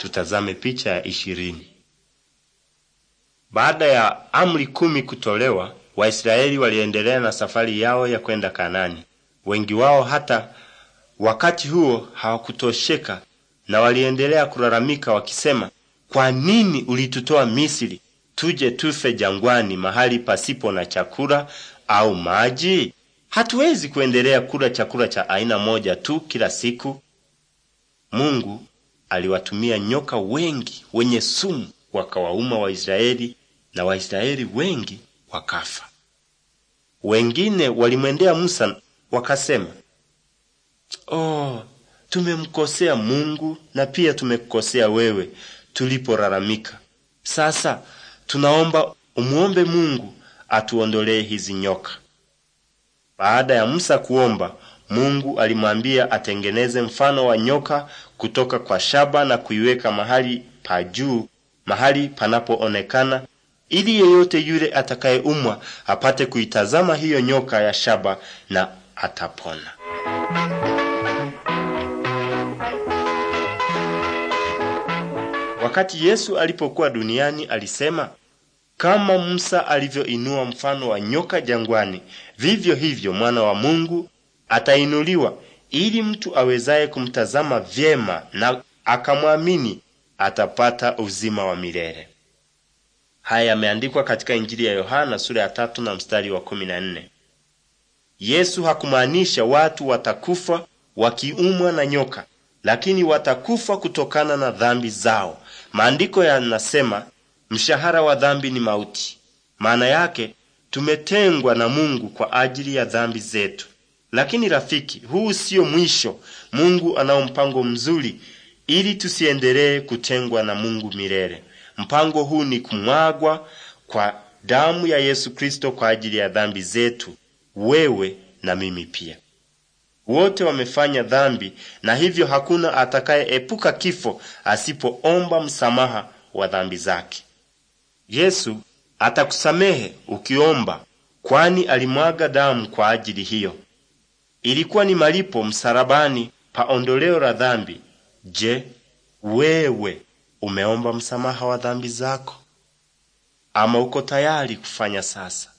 Tutazame picha ya ishirini. Baada ya amri kumi kutolewa, Waisraeli waliendelea na safari yao ya kwenda Kanani. Wengi wao hata wakati huo hawakutosheka na waliendelea kulalamika wakisema, kwa nini ulitutoa Misri tuje tufe jangwani mahali pasipo na chakula au maji? Hatuwezi kuendelea kula chakula cha aina moja tu kila siku. Mungu aliwatumia nyoka wengi wenye sumu wakawauma Waisraeli na Waisraeli wengi wakafa. Wengine walimwendea Musa wakasema, oh, tumemkosea Mungu na pia tumekukosea wewe tuliporaramika. Sasa tunaomba umuombe Mungu atuondolee hizi nyoka. Baada ya Musa kuomba, Mungu alimwambia atengeneze mfano wa nyoka kutoka kwa shaba na kuiweka mahali pa juu, mahali panapoonekana, ili yeyote yule atakayeumwa apate kuitazama hiyo nyoka ya shaba na atapona. Wakati Yesu alipokuwa duniani alisema, kama Musa alivyoinua mfano wa nyoka jangwani, vivyo hivyo mwana wa Mungu atainuliwa ili mtu awezaye kumtazama vyema na akamwamini atapata uzima wa milele. Haya yameandikwa katika Injili ya Yohana sura ya tatu na mstari wa kumi na nne. Yesu hakumaanisha watu watakufa wakiumwa na nyoka, lakini watakufa kutokana na dhambi zao. Maandiko yanasema mshahara wa dhambi ni mauti. Maana yake tumetengwa na Mungu kwa ajili ya dhambi zetu. Lakini rafiki, huu sio mwisho. Mungu anao mpango mzuri ili tusiendelee kutengwa na Mungu milele. Mpango huu ni kumwagwa kwa damu ya Yesu Kristo kwa ajili ya dhambi zetu, wewe na mimi pia. Wote wamefanya dhambi na hivyo hakuna atakayeepuka kifo asipoomba msamaha wa dhambi zake. Yesu atakusamehe ukiomba, kwani alimwaga damu kwa ajili hiyo ilikuwa ni malipo msalabani pa ondoleo la dhambi. Je, wewe umeomba msamaha wa dhambi zako? Ama uko tayari kufanya sasa?